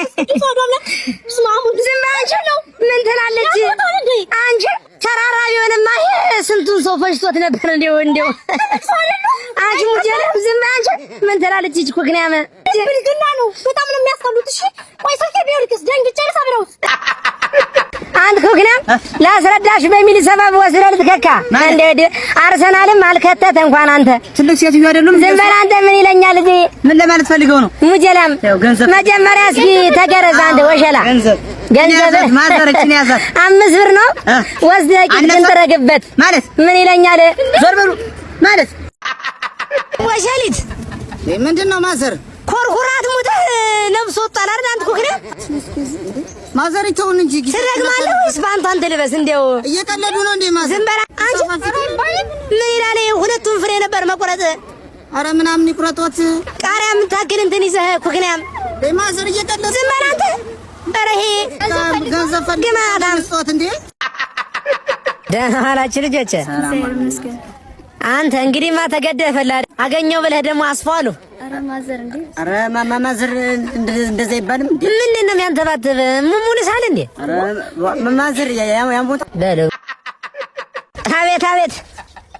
ምን ትላለች አንቺ? ተራራ ቢሆንማ ስንቱን ሰው ፈጅቶት ነበር። እንደው እንደው አንቺ ሙጀለም ዝም አንቺ ምን ትላለች? እጅ ኮግናመ ብልግና ነው። በጣም ነው የሚያስጠሉት። እሺ ቆይ ሰው ቢሆንክስ ደንግጬ ልሳብረውት ላስረዳሽ በሚል ሰበብ ወስደን ልትከካ እንደ አርሰናልም አልከተት እንኳን አንተ ትልቅ ሴትዮ አይደሉም። ዝም በል አንተ። ምን ይለኛል እዚህ ምን ለማለት ፈልገው ነው? ሙጀላም መጀመሪያ እስኪ ተገረዝ አንተ ወሸላ ገንዘብ ማዘረችን ያዛት አምስት ብር ነው ወስደህ ቂጥህን ትረግበት ማለት ምን ይለኛል? ዞር በሉ ማለት ወሸሊት ምንድን ነው ማዘር ኮርኩራት ሙተህ ነብስ ወጣል አይደል ማዘሪቸውን እንጂ ትረግማለህ ወይስ በአንተ አንተ ልበስ። እንደው እየቀለዱ ነው እንዴ? ማዘር ዝም በላ አንቺ። ምን ይላል ሁለቱን ፍሬ ነበር መቁረጥ። አረ ምናምን ይቁረጦት። ቃሪያ የምታክል እንትን ይዘህ ኩክንያም ማዘር እየቀለዱ ዝም በላ አንተ። ኧረ ይሄ ገንዘብ ፈልግ ግማታም ስጦት እንዴ። ደህና ዋላችሁ ልጆች። አንተ እንግዲህ ማ ተገደህ ፈላ አገኘው ብለህ ደግሞ አስፋሉ። ኧረ ማዘር እንዴ! ኧረ ማማ ማዘር እንደዛ ይባልም እንዴ? ምንድን ነው የሚያንተባትብ? ሙሙልሳል እንዴ? ኧረ ማዘር ያሞታ በለው። አቤት አቤት፣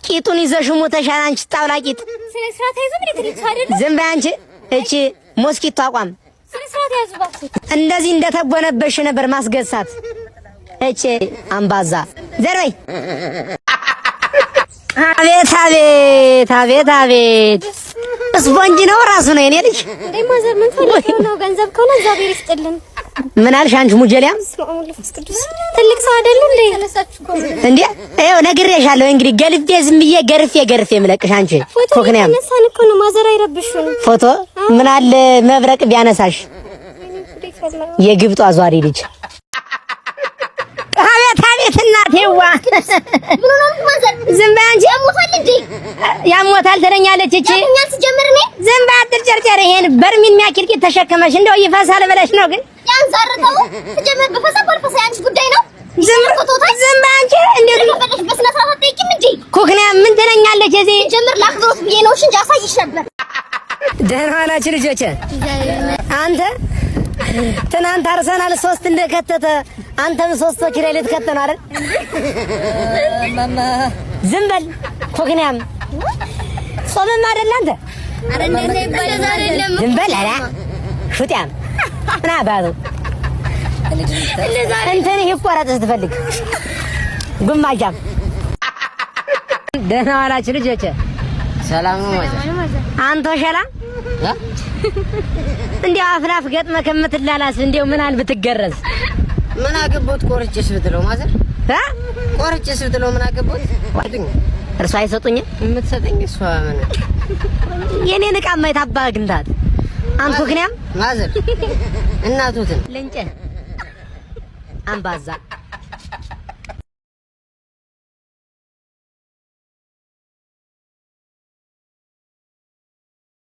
ቂጡን ይዘሽ ሙተሻል አንቺ ጣውላ ቂጥ። ስለ ዝም በይ አንቺ። እቺ ሞስኪቶ አቋም ስለ ያዙ። እንደዚህ እንደተጎነበሽ ነበር ማስገሳት። እቺ አምባዛ ዘርበይ አቤት አቤት አቤት አቤት ስፖንጅ ነው ራሱ ነው የኔ ልጅ እንዴ ማዘር ምን ፈልገው ነው ገንዘብ ከሆነ እግዚአብሔር ይስጥልን ምን አልሽ አንቺ ሙጀሊያም ትልቅ ሰው አይደል እንዴ እንዴ ይኸው ነግሬሻለሁ እንግዲህ ገልፌ ዝም ብዬ ገርፌ ገርፌ የምለቅሽ አንቺ ኮክንያም ማዘር አይረብሽም ፎቶ ምን አለ መብረቅ ቢያነሳሽ የግብጧ ዟሪ ልጅ እናቴ ዋ ዝም በይ አንቺ ያሞታል ትለኛለች። እቺ ዝም በይ አትጨርጨሪ። ይሄን በርሚል የሚያክል ተሸክመሽ እንደው ይፈሳል ብለሽ ነው ግን ያንዛርተው ተጀመረ በፈሳል በፈሳ ያንቺ ጉዳይ ነው። ዝም በይ አንቺ እንዴት አንተ ትናንት አርሰናል ሶስት እንደከተተ አንተም ሶስት ሰው ኪራይ ልትከት አይደል? ዝም በል ኮክንያም ጾምም አይደል አንተ ዝም በል አላ ሹጥያም ምን አባቱ እንትን ይቆረጥ ስትፈልግ ጉማጃም ደህና ዋላችሁ ልጆች። ሰላም ነው አንተ ሸላ እንዲያው አፍላፍ ገጥመ ከምትላላስ እንዲያው ምን አል ብትገረዝ ምን አገቦት ቆርጬስ ብትለው ማዘር እ ቆርጬስ ምን አገቦት? እርሷ አይሰጡኝም። የምትሰጠኝ እሷ ምን የኔን ዕቃ ማይታባ ግንታት አንኩክንያም ማዘር እናቱትን ልንጨ አንባዛ